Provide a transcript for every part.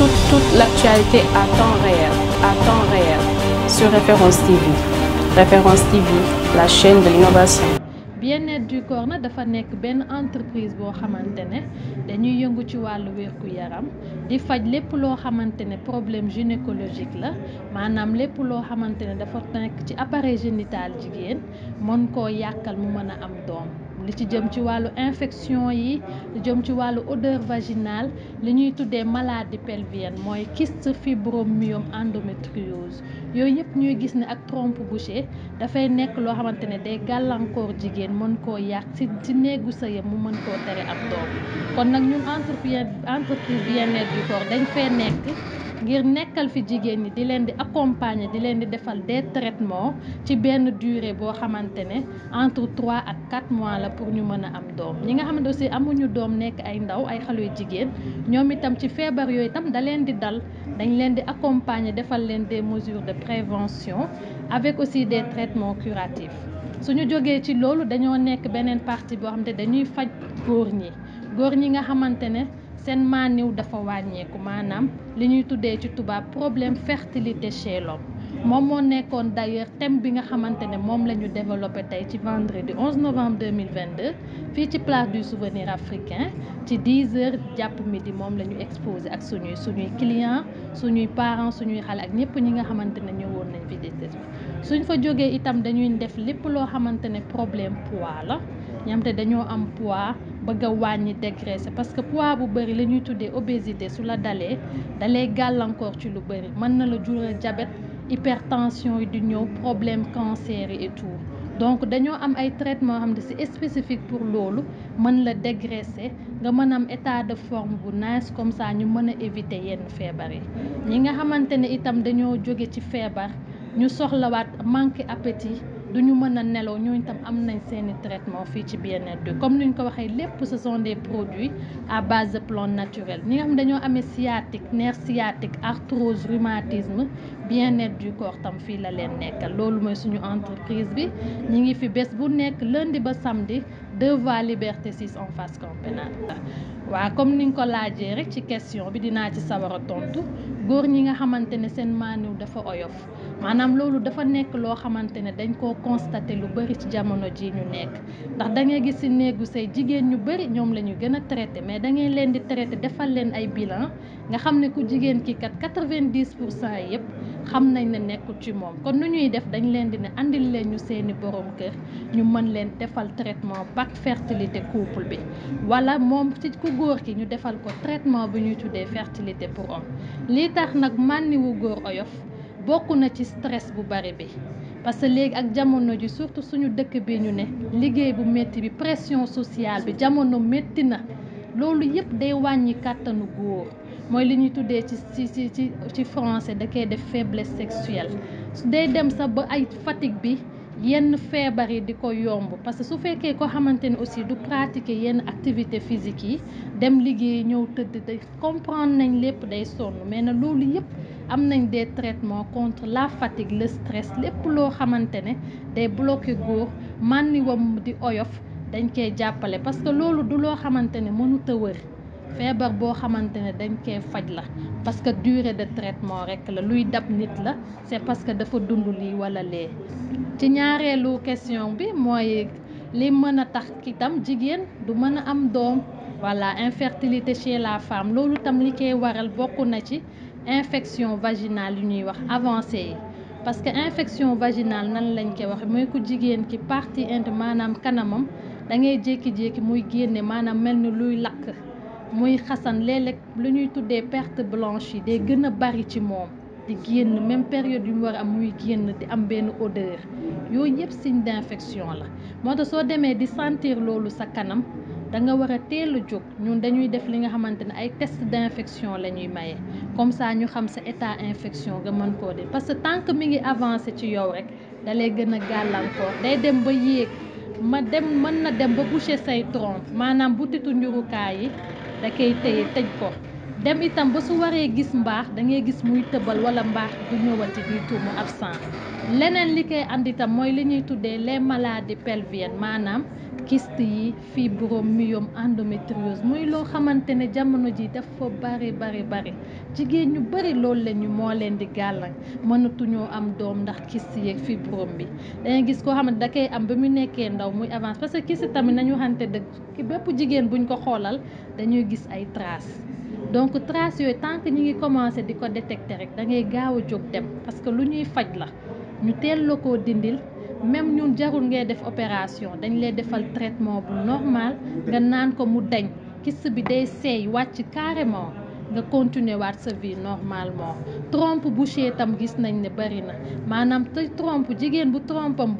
toute, toute l'actualité à temps réel, à Référence TV. Référence TV, la chaîne de l'innovation. bien-être du corps nag dafa nekk benn entreprise boo xamante ne dañuy yëngu ci wàllu wérgu yaram di faj lépp loo xamante ne problème gynécologique la maanaam lépp loo xamante ne dafa nekk ci appareil génital jigéen mën koo yàkkal mu mën a am doom li ci jëm ci wàllu infection yi jëm ci wàllu odeur vaginale li ñuy tuddee maladie pelvienne mooy kyste fibromyome endométriose yooyu yëpp ñuy gis ne ak trompe bouchée dafay nekk loo xamante ne day gàllankoor jigéen mën koo yàq ci ci néegu sëyam mu mën koo tere ab doom kon nag ñun entreprise entreprise bien-être du corps dañ fee nekk ngir nekkal fi jigéen ñi di leen di accompagner di leen di defal des traitements ci benn durée boo xamante ne entre trois ak quatre mois la pour ñu mën a am doom ñi nga xam ne aussi amuñu doom nekk ay ndaw ay xale yu jigéen ñoom itam ci feebar yooyu itam da leen di dal dañ leen di accompagner defal leen des mesures de prévention avec aussi des traitements su ñu jógee ci loolu dañoo nekk beneen partie boo xam ne dañuy faj góor ñi góor ñi nga xamante ne seen maaniw dafa wàññeeku maanaam li ñuy tuddee ci tubaab problème fertilité chez moom moo nekkoon d'ailleurs thème bi nga xamante ne moom la ñu développé tey ci vendredi 11 novembre 2022 fii ci place du souvenir africain ci 10 heures jàpp midi moom lañu ñu exposé ak suñuy suñuy clients suñuy parents suñuy xale ak ñëpp ñi nga xamante ne ñëwoon nañ fi des suñ fa jógee itam dañuy def lépp loo xamante ne problème poids la ñamte xam te dañoo am poids bëgg a wàññi dégraisser parce que poids bu bëri la ñuy tuddee obésité su la dalee dalay gàllankoor ci lu bëri mën na la jural jabet hypertension yi du ñëw problème cancer yi et donc dañoo am ay traitement xam ne c'est spécifique pour loolu mën la dégraisser nga mën am état de forme bu nice comme ça ñu mën a éviter yenn feebar yi ñi nga xamante ne itam dañoo jóge ci feebar ñu soxlawaat manque appétit du ñu mën a nelaw ñooñu tam am nañ seeni traitement fii ci bien-être bi comme ni ñu ko waxee lépp ce sont des produits à base de plantes naturelles ñi nga xam dañoo amee sciatique nerf sciatique arthrose rhumatisme bien du corps tam fii la leen nekkal loolu mooy suñu entreprise bi ñi ngi fi bés bu nekk lundi ba samedi deux voies liberté 6 en face camp waaw comme ni nga ko laajee rek ci question bi dinaa ci sawar a tontu góor ñi nga xamante ne seen maaniw dafa oyof maanaam loolu dafa nekk loo xamante ne dañ koo constaté lu bëri ci jamono ji ñu nekk ndax da ngay gis ci néegu say jigéen ñu bëri ñoom la ñu gën a traité mais da ngay leen di traité defal leen ay bilan nga xam ne ku jigéen kii kat quatre vingt pour cent yëpp xam nañ ne nekkul ci moom kon nu ñuy def dañ leen di ne andil leen ñu seeni borom kër ñu mën leen defal traitement bac fertilité couple bi wala moom ci ku góor ki ñu defal ko traitement bu ñuy tuddee fertilité pour homme lii tax nag mànniwu góor oyof bokk na ci stress bu bari bi parce que léegi ak jamono ji surtout suñu dëkk bi ñu ne liggéey bu métti bi pression sociale bi jamono métti na loolu yëpp day wàññi kàttanu góor mooy li ñuy tuddee ci ci ci ci français da koy def faiblesse sexuelle su day dem sa ba ay fatigue bi yenn feebar yi di ko yomb parce que su fekkee ko xamante ne aussi du pratique yenn activité physique yi dem liggéey ñëw tëdd te comprendre nañ lépp day sonn mais na loolu yëpp am nañ des traitements contre la fatigue le stress lépp loo xamante ne day bloquer góor mànniwam di oyof dañ koy jàppale parce que loolu du loo xamante ne mënut a wër feebar boo xamante ne dañ koy faj la parce que durée de traitement rek la luy dab nit la c'est parce que dafa dund lii wala lee ci ñaareelu question bi mooy li mën a tax ki itam jigéen du mën a am doom voilà infertilité chez la femme loolu itam li koy waral bokk na ci infection vaginale yu ñuy wax avancée yi parce que infection vaginale nan lañ koy wax mooy ku jigéen ki partie intime maanaam kanamam da ngay jékki-jékki muy génne maanaam mel ni luy lakk muy xasan léeg lu ñuy tuddee perte blanche yi de gën a bari ci moom di génn même période yu mu war am muy génn di am benn odeur yooyu yëpp signe d'infection la moo tax soo demee di sentir loolu sa kanam da nga war a teel a jóg ñun dañuy def li nga xamante ne ay test d'infection la ñuy maye comme ça ñu xam sa état infection nga mën koo def parce que tant que mi ngi avancé ci yow rek dalay lay gën a gàllankoor day dem ba yéeg ma dem mën na dem ba boucher say trompe maanaam butitu njurukaay yi da koy téye ko dem itam ba su waree gis mbaax da ngay gis muy tëbal wala mbaax du ñëwati di tuur mu absent leneen li koy andi mooy li ñuy tuddee les maladies pelviennes maanaam kyste yi fibromyome endométriose muy loo xamante ne jamono ji dafa bari bari bari jigéen ñu bari loolu la ñu moo leen di gàllan mënatuñoo am doom ndax kyste yeeg fibrome bi danga gis koo xamante da koy am ba mu nekkee ndaw muy avance parce que kyste tamit nañu xamante dëgg bépp jigéen buñ ko xoolal dañuy gis ay traces donc traces yooyu tant que ñu ngi commencé di ko détecter rek da ngay gaaw a jóg dem parce que lu ñuy faj la ñu teel la koo dindil même ñun jarul ngay def opération dañ lay defal traitement bu normal nga naan ko mu dañ kyste bi day seey wàcc carrément nga continuer waat sa vie normalement tromp bouchée tam gis nañ ne bari na maanaam te trompe jigéen bu trompe am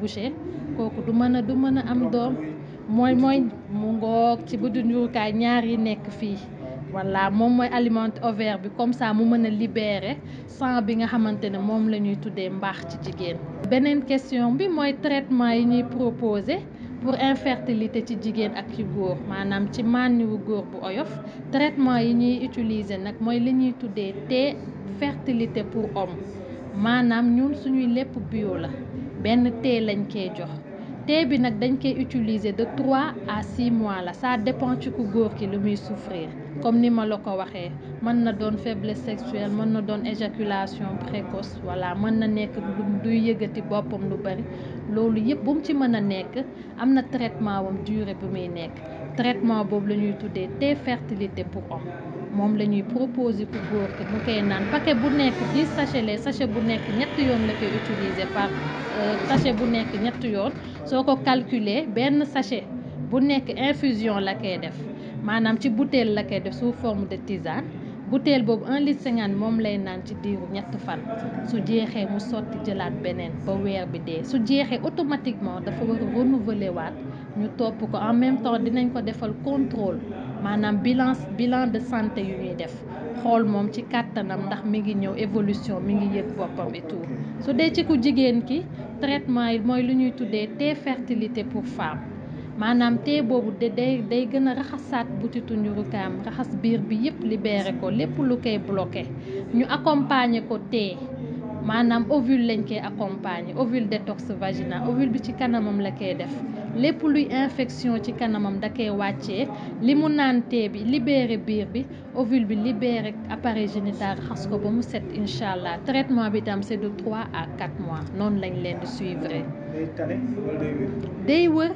kooku du mën a du mën a am doom mooy mooy mu ngoog ci bu dundukaay ñaar yi nekk fii voilà moom mooy alimente ovaire bi comme ça mu mën a libérer sang bi nga xamante ne moom la ñuy tuddee mbaax ci jigéen. beneen question bi mooy traitement yi ñuy proposer pour infertilité ci jigéen ak ci góor maanaam ci mànniwu góor bu oyof traitement yi ñuy utiliser nag mooy li ñuy tuddee thé fertilité pour homme maanaam ñun suñuy lépp bio la benn thé lañ koy jox. thé bi nag dañ koy utiliser de trois à six mois la sa dépend ci ku góor ki lu muy souffrir comme ni ma la ko waxee mën na doon faiblesse sexuelle mën na doon éjaculation précoce voilà mën na nekk lu duy yëgati boppam lu bari loolu yëpp bu mu ci mën a nekk am na traitement wam durée bu muy nekk traitement boobu la ñuy tuddee thé fertilité pour homme moom la ñuy proposer ku góor ki mu koy naan paquet bu nekk dix sachet les sachet bu nekk ñetti yoon la koy utiliser euh, bu nekk ñetti yoon. soo ko calculer benn sachet bu nekk infusion la koy def maanaam ci bouteille la koy def sous forme de tisane bouteille boobu un litre cinquante moom lay naan ci diiru ñett fan su jeexee mu sotti jëlaat beneen ba weer bi dee su jeexee automatiquement dafa war a renouveler ñu topp ko en même temps dinañ ko defal contrôle maanaam bilan bilan de santé yu ñuy def xool moom ci kàttanam ndax mi ngi ñëw évolution mi ngi yëg boppam et tout su dee ci ku jigéen ki traitement yi mooy lu ñuy tuddee thé fertilité pour femme maanaam thé boobu de day day gën a raxasaat butitu njurukaam raxas biir bi yépp libeere ko lépp lu koy bloqué ñu accompagner ko thé maanaam ovule lañ koy accompagner ovule détox vaginal ovule bi ci kanamam la koy def lépp luy infection ci kanamam da koy wàccee li mu naantee bi libéré biir bi ovule bi libéré appareil génital xas ko ba mu set incha allah traitement bi tam c'est de trois à quatre mois noonu lañ leen di suivre. day wër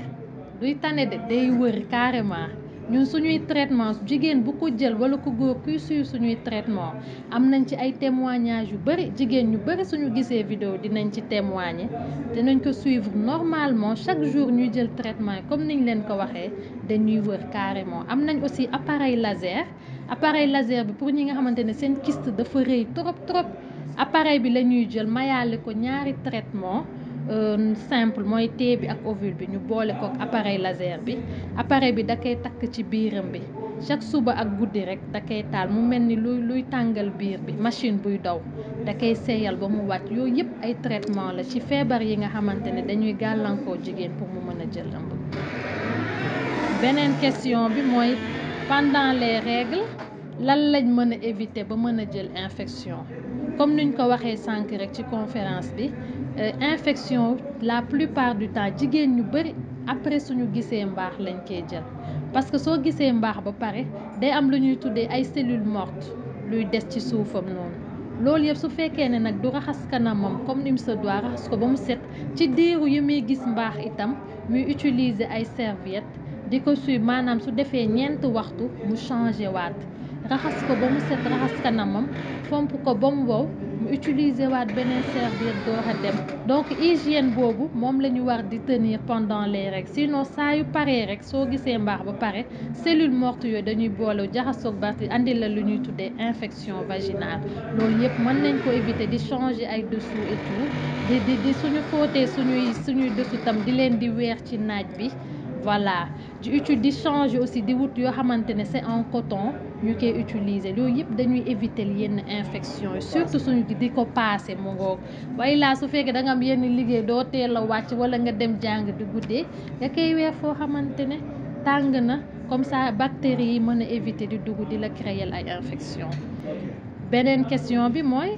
duy tane de day wër carrément. ñun suñuy traitement jigéen bu ko jël wala ko góor kuy suivre suñuy traitement am nañ ci ay témoignages yu bëri jigéen ñu bëri suñu gisee vidéo dinañ ci témoigner dinañ ko suivre normalement chaque jour ñuy jël traitement comme niñ leen ko waxee dañuy wër carrément am nañ aussi appareil laser appareil laser bi pour ñi nga xamante ne seen kyste dafa rëy trop trop appareil bi la ñuy jël mayaale ko ñaari traitement Euh, simple mooy tee bi ak ovule bi ñu boole ko ak appareil laser bi appareil bi da takk ci biiram bi chaque suba ak guddi rek da taal mu mel ni luy luy tàngal biir bi machine buy daw da koy seeyal ba mu wat yooyu yëpp ay traitement la ci feebar yi nga xamante ne dañuy gàllankoor jigéen pour mu mën a jël ëmb beneen question bi mooy pendant les règles lan lañ mën a éviter ba mën a jël infection comme niñ ko waxee sànq rek ci conférence bi Euh, infection la plupart du temps jigéen ñu bëri après suñu gisee mbaax lañ koy jël parce que soo gisee mbaax ba pare day am lu ñuy tuddee ay cellules mortes luy des ci suufam noonu loolu yëpp su fekkee ne nag du raxas kanamam comme ni mu se doit raxas ko ba mu set ci diiru yi muy gis mbaax itam muy utiliser ay serviettes di ko suy maanaam su defee ñeenti waxtu mu changé waat raxas ko kanamam fomp ko bam mu wow mu utiliser waat beneen serviette door dem donc hygiène boobu moom la ñu war di tenir pendant les rek sinon saa yu pare rek soo gisee mbaax ba pare cellule morte yooyu dañuy boole jaxasoog bactérie indi la lu ñuy tuddee infection vaginale loolu yëpp mën nañ ko éviter di changer ay dessous et di di suñu fóotee suñuy suñuy dessous di leen di weer ci naaj bi voilà di uti di changer aussi di wut yoo xamante ne c'est en coton ñu koy utiliser loolu yëpp dañuy éviter yenn infection yi surtout suñu di ko paase mu ngoog waaye laa su fekkee danga am yenn liggéey doo teel a wàcc wala nga dem jàng di guddee nga koy weer foo xamante ne tàng na comme ça bactéries yi mën a éviter di dugg di la créer ay infection beneen question bi mooy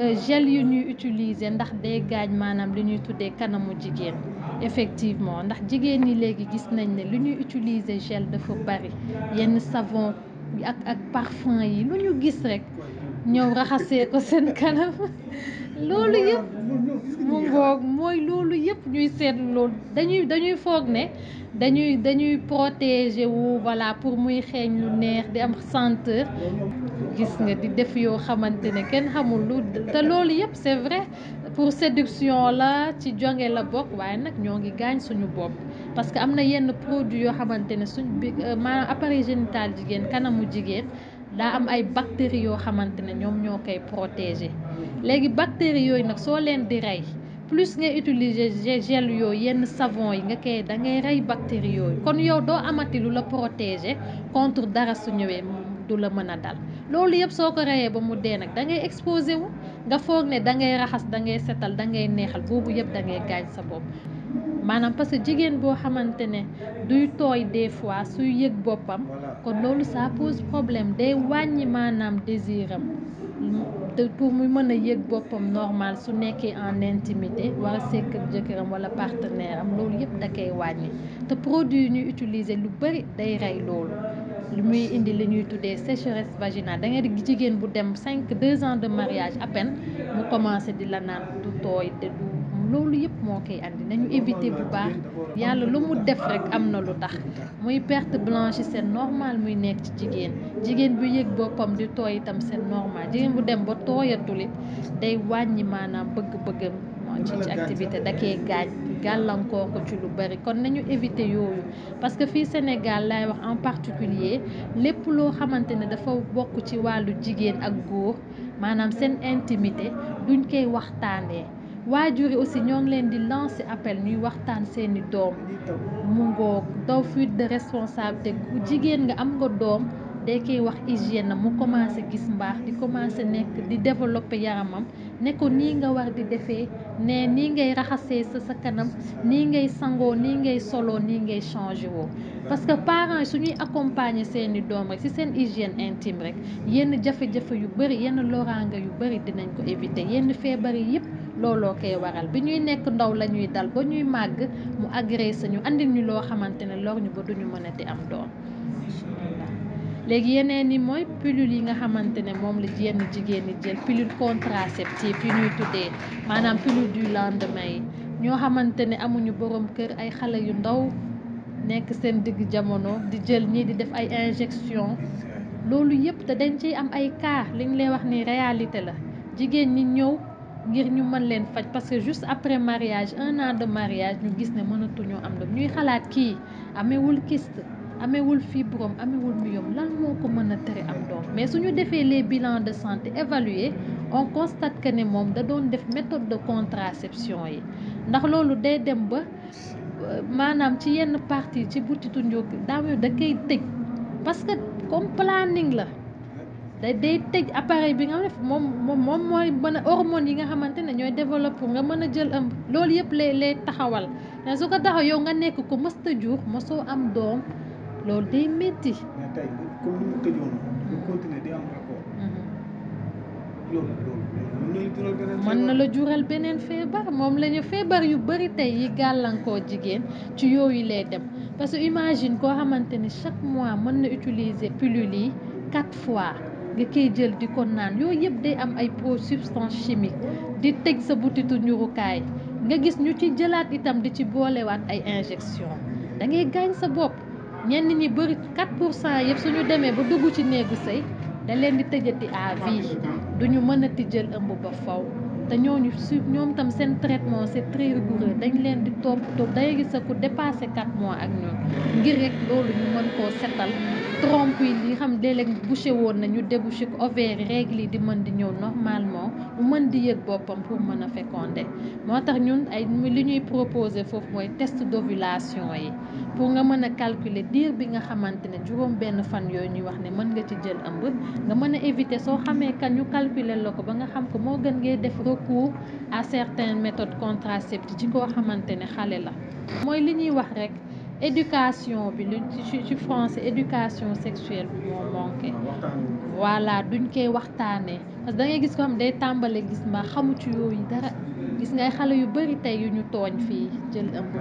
Euh, gel yu ñuy utiliser ndax day gaañ maanaam li ñuy tuddee kanamu jigéen effectivement ndax jigéen ñi léegi gis nañ ne lu ñuy utiliser gel dafa bari yenn savon ak ak parfum yi lu ñu gis rek ñëw raxasee ko seen kanam loolu yëpp mu ngoog mooy loolu yëpp ñuy seetlu lool dañuy dañuy foog ne dañuy dañuy protéger wu voilà pour muy xeeñ lu neex di am senteur gis nga di def yoo xamante ne kenn xamul lu te loolu yëpp c'est vrai pour séduction la ci jonge la bokk waaye nag ñoo ngi gaañ suñu bopp parce que am na yenn produit yoo xamante ne suñ bi euh, maanaam appareil génital jigéen kanamu jigéen daa am ay bactéries yoo xamante ne ñoom ñoo koy protéger léegi bactéries yooyu nag soo leen di rey plus ngay utiliser gel yooyu yenn savon yi nga koy da ngay rey bactéries yooyu kon yow doo amati lu la protéger contre dara su du la mën a dal loolu yëpp soo ko reyee ba mu dee nag dangay ngay exposé wu nga foog ne da ngay raxas da ngay setal da ngay neexal boobu yëpp da ngay gaañ sa bopp maanaam parce que jigéen boo xamante ne duy tooy des fois suy yëg boppam kon loolu ça pose problème day wàññi maanaam désiram te pour mu mën a yëg boppam normal su nekkee en intimité war a sekk jëkkëram wala partenaire am loolu yëpp da wàññi te produit yi ñuy utiliser lu bari day rey loolu li muy indi li ñuy tuddee sécheresse vaginale da ngay di jigéen bu dem cinq deux ans de mariage à peine mu commencé di la naan du tooy te loolu yëpp moo koy andi nañu éviter bu baax yàlla lu mu def rek am na lu tax muy perte blanche seen normal muy nekk ci jigéen jigéen bu yëg boppam di tooy itam seen normal jigéen bu dem ba tooyatul it day wàññi maanaam bëgg-bëggam ci activité da koy gàllankoor ko ci lu bari kon nañu éviter yooyu parce que fii Sénégal lay wax en particulier lépp loo xamante ne dafa bokk ci wàllu jigéen ak góor maanaam seen intimité duñ koy waxtaanee waajur yi aussi ñoo ngi leen di lancer appel ñuy waxtaan seeni doom mu ngoog daw fuite de responsabilité ku jigéen nga am nga doom day koy wax hygiène na mu commencé gis mbaax di commencé nekk di développer yaramam ne ko nii nga war di defee ne nii ngay raxasee sa sa kanam nii ngay sangoo nii ngay soloo nii ngay changé woo parce que parent yi su ñuy accompagner seen doom rek ci seen hygiène intime rek yenn jafe-jafe yu bari yenn loraanga yu bari dinañ ko éviter yenn feebar yi yëpp looloo koy waral bi ñuy nekk ndaw lañuy dal ba ñuy màgg mu agressé sañu andil ñu loo xamante ne lor ñu ba duñu mënati am doom léegi yeneen yi mooy pilule yi nga xamante ne moom la yenn jigéen ñi jël pilule contraceptive yi ñuy tuddee maanaam pilule du lendemain yi ñoo xamante ne amuñu borom kër ay xale yu ndaw nekk seen digg jamono di jël ñii di def ay injection loolu yëpp te dañ ciy am ay cas li ñu lay wax ni réalité la jigéen ñi ñëw ngir ñu mën leen faj parce que juste après mariage un an de mariage ñu gis ne mënatuñu am doom ñuy xalaat kii amewul kyste amewul fibrome amewul mu myome lan moo ko mën a tere am doom mais suñu defee les bilans de santé évaluer on constate que ne moom da doon def méthode de contraception yi ndax loolu day dem ba maanaam ci yenn partie ci butitu njóg daam da koy tëj parce que comme planning la da day tëj appareil bi nga xam moom moom moom mooy mën a hormone yi nga xamante ne ñooy développé nga mën a jël am loolu yëpp lay lay taxawal su ko taxaw yow nga nekk ko mësta juux mosoo am doom loolu day métti. Mhm. mën na la jural beneen feebar moom lañu feebar yu bëri tey yi gàllankoor jigéen ci yooyu lay dem parce que imagine koo xamante ni chaque mois mën na utiliser pilule yi quatre fois nga koy jël di ko naan yooyu yëpp day am ay pro substance chimique di teg sa butitu ñurukaay nga gis ñu ci jëlaat itam di ci boolewaat ay injection dangay ngay gaañ sa bopp. ñenn ñi bëri 4 pour cent yëpp suñu demee ba dugg ci néegu sëy da leen di tëjati à vie duñu mën a tijjal ëmb ba faw te ñu su ñoom tam seen traitement c'est très rigoureux dañ leen di topp topp day gis ku dépassé 4 mois ak ñoom ngir rek loolu ñu mën koo setal trompe yi li xam léeg-léeg woon na ñu débouché ko ovaire règle yi di mën di ñëw normalement mu mën di yëg boppam pour mën a féconder moo tax ñun ay li ñuy proposé foofu mooy test d'ovulation yi pour nga mën a calculer diir bi nga xamante ne juróom benn fan yooyu ñuy wax ne mën nga ci jël ëmb nga mën a éviter soo xamee kañ ñu calculer la ko ba nga xam ko moo gën ngay def recours à certaines méthodes contraceptives ci koo xamante ne xale la mooy li ñuy wax rek éducation bi lu ci français éducation sexuelle bi moo manqué voilà duñ koy waxtaanee parce que da ngay gis ko xam day tàmbale gis ma xamu ci yooyu dara gis ngay xale yu bari tey yu ñu tooñ fii jël ëmb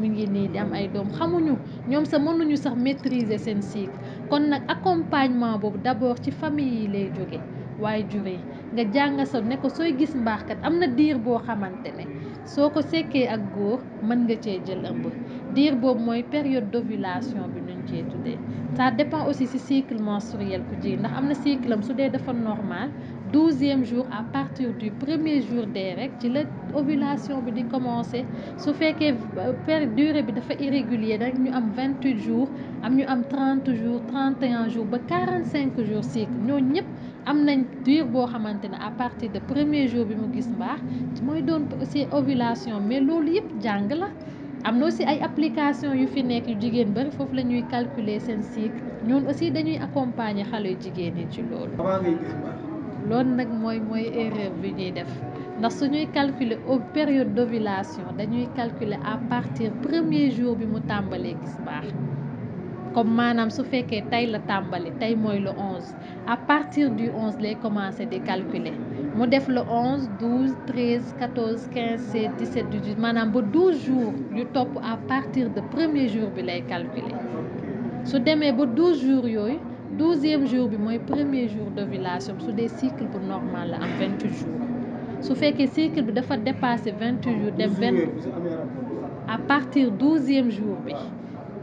mu ngi nii di am ay doom xamuñu ñoom sa mënuñu sax maîtriser seen cycle kon nag accompagnement boobu d'abord ci famille yi lay jóge waaye juree nga jànga sa ne ko sooy gis mbaaxkat am na diir boo xamante ne soo ko sekkee ak góor mën nga cee jël ëmb diir boobu mooy période d'ovulation bi jigéen tuddee ça dépend aussi si cycle menstruel ku jigéen ndax am na cycle am su dee dafa normal douzième jour à partir du premier jour dee rek ci la ovulation bi di commencé su fekkee euh, per durée bi dafa irrégulier rek ñu am vingt huit jours am ñu am trente jours trente et ba quarante cinq jours cycle ñooñ ñëpp am nañ diir boo xamante ne à partir de premier jour bi mu gis mbaax mooy doon aussi ovulation mais loolu yëpp jàng la am na aussi ay application yu fi nekk yu jigéen bari foofu la ñuy calculer seen cycle ñoom aussi dañuy accompagner xale yu jigéen yi ci loolu loolu nag mooy mooy erreur bi ñuy def ndax suñuy calculer au période d'ovulation dañuy calculer à partir premier jour bi mu tàmbalee gis baax comme maanaam su fekkee tey la tàmbali tey mooy le onze à partir du onze lay commencer di calculer mu def le 11 12 13 14 15 16 17 maanaam ba 12 jours yu topp à partir de premier jour bi lay calculer su demee ba 12 jours yooyu douzième jour bi mooy premier de d'ovulation su dee cycle bu normal la am 28 su fekkee cycle bi dafa dépassé 28 jours dem benn à partir douzième jour bi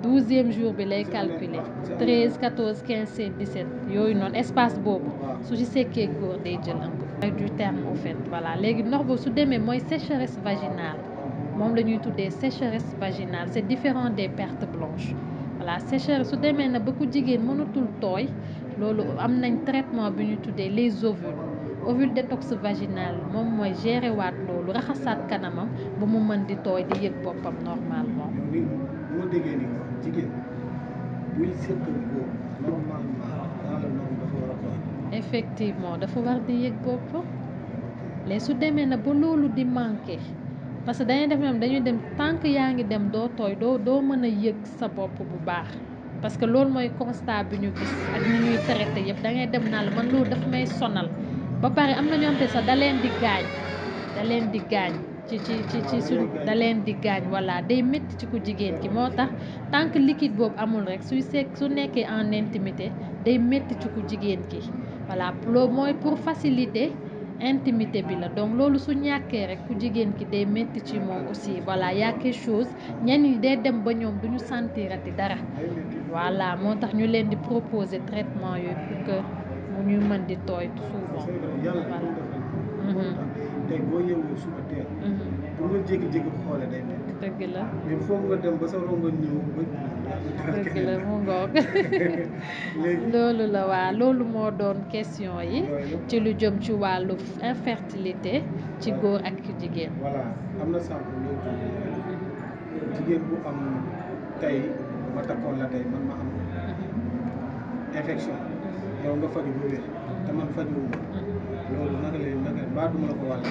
douzième jour bi lay calculer 13 14 15 16 17 yooyu noonu espace boobu su ci sekkee góor day jël ëmb du terme au fait voilà léegi ndox boobu su demee mooy sécheresse vaginale moom la ñuy tuddee sécheresse vaginale c'est différent des pertes blanches voilà sécheresse su demee na ba ku jigéen mënatul tooy loolu am nañ traitement bi ñu tuddee les ovules de tox vaginal moom mooy gérer waat loolu raxasaat kanamam bu mu mën di tooy di yëg boppam normalement. effectivement dafa war di yëg bopp léegi su demee na ba loolu di manqué parce que dañuy def ñoom dañuy dem tànk yaa ngi dem doo tooy doo doo mën a yëg sa bopp bu baax parce que loolu mooy constat bi ñu gis ak ni ñuy traité yëpp da ngay dem naa la man loolu daf may sonal ba pare am na ñoo xam te sax da di gaañ da di gaañ ci ci ci suñ da leen di gaañ voilà day métti ci ku jigéen ki moo tax tant que liquide boobu amul rek suy seeg su nekkee en intimité day métti ci ku jigéen ki voilà loolu mooy pour faciliter intimité bi la donc loolu su ñàkkee rek ku jigéen ki day métti ci moom aussi voilà y a quelque chose ñenn ñi day dem ba ñoom du ñu sentirati dara voilà moo tax ñu leen di proposer traitement yooyu pour que mu ñuy mën di tooy souvent voilà. Mhm. Mhm. day métti. dëgg la mais mu loolu la waa loolu moo doon question yi ci lu jëm ci wàllu infertilité ci góor ak ci jigéen voilà am na sànq bu ma takkoon la tey man ma am infection mm-hmm. yow nga faju bu wér te man fajuwuma mm-hmm. loolu naka lay naka mbaa du la ko wàll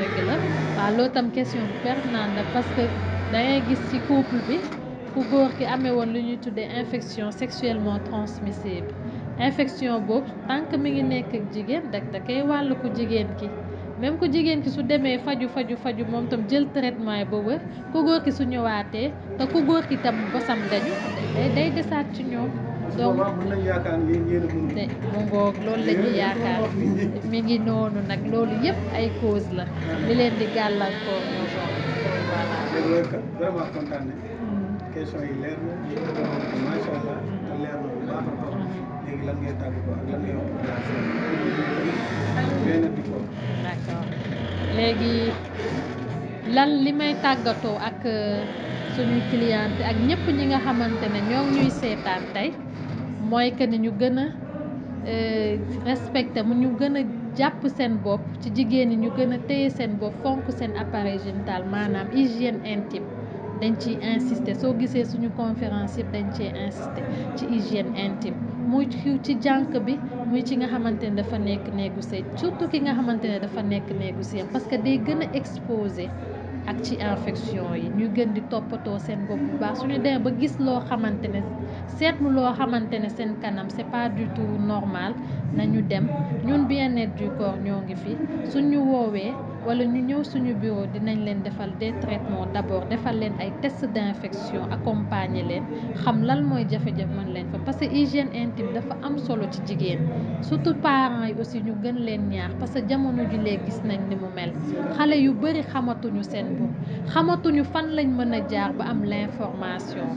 dëgg la waaw loolu tam question bu pertinente la parce que da gis ci couple bi ku góor ki amee woon lu ñuy tuddee infection sexuellement transmissible infection boobu tànk mi ngi nekk ak jigéen dak da wàll ku jigéen ki même ku jigéen ki su demee faju faju faju moom tam jël traitement yi ba wër ku góor ki su ñëwaatee te ku góor ki tam bosam dañu day day desaat ci ñoom. donc de ngoog loolu la ñuy yaakaar mi ngi noonu nag loolu yëpp ay cause la li leen di gàllankoor ñoo ko léegi lan li may tàggatoo ak euh, suñuy cliente ak ñëpp ñi nga xamante ne ñoo ñuy seetaan tey mooy que ni ñu gën a euh, respecté mu ñu gën a jàpp seen bopp ci jigéen ñi ñu gën a téye seen bopp fonk seen appareil génital maanaam hygiène intime. dañ ciy insister soo gisee suñu conférence yëpp dañ cee insister ci hygiène intime muy ci jànq bi muy ci nga xamante ne dafa nekk néegu sëy surtout ki nga xamante ne dafa nekk néegu sëy parce que day gën a exposé ak ci infection yi ñu gën di toppatoo seen bopp bu baax suñu demee ba gis loo xamante ne seetlu loo xamante ne seen kanam c'est pas du tout normal nañu dem ñun bien-être corps ñoo ngi fi suñu woowee wala ñu ñëw suñu bureau dinañ leen defal des traitements d'abord defal leen ay tests d'infection accompagner leen xam lan mooy jafe-jafe mën leen fa parce que hygiène intime dafa am solo ci jigéen surtout parents yi aussi ñu gën leen ñaax parce que jamono ji lee gis nañ ni mu mel xale yu bëri xamatuñu seen bopp xamatuñu fan lañ mën a jaar ba am l'information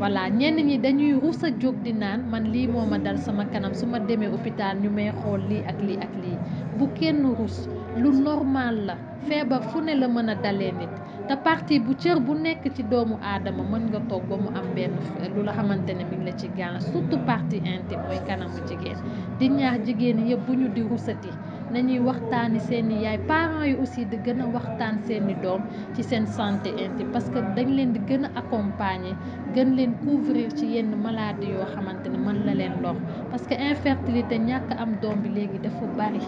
voilà ñenn ñi dañuy rus a jóg di naan man lii moo ma dal sama kanam su ma demee hôpital ñu may xool lii ak lii ak lii lu normal la feebar fu ne la mën a dalee nit te partie bu cër bu nekk ci doomu aadama mën nga toog ba mu am benn lu la xamante ne mi la ci gànna surtout partie intime mooy kanamu jigéen di ñaax jigéen yëpp bu ñu di rusati nañuy waxtaani seeni yaay parents yi aussi di gën a waxtaan seeni doom ci seen santé intime parce que dañ leen di gën a accompagner gën leen couvrir ci yenn maladie yoo xamante ne mën la leen lor parce que infertilité ñàkk am doom bi léegi dafa bari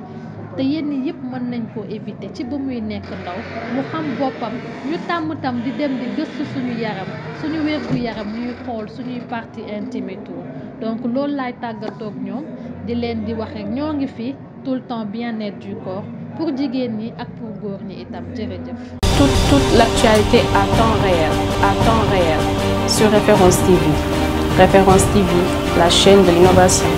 te yenn yëpp mën nañ koo éviter ci ba nekk ndaw mu xam boppam ñu tàmm tam di dem di gëstu suñu yaram suñu wér gu yaram ñuy xool suñuy partie intime tout donc loolu laay tàggatoog ñoom di leen di waxeek ñoo ngi fi tout le temps bien-être du corps pour jigéen ñi ak pour góor ñi itam jërëjëf. toute toute l'actualité à à temps réel sur Référence TV la chaîne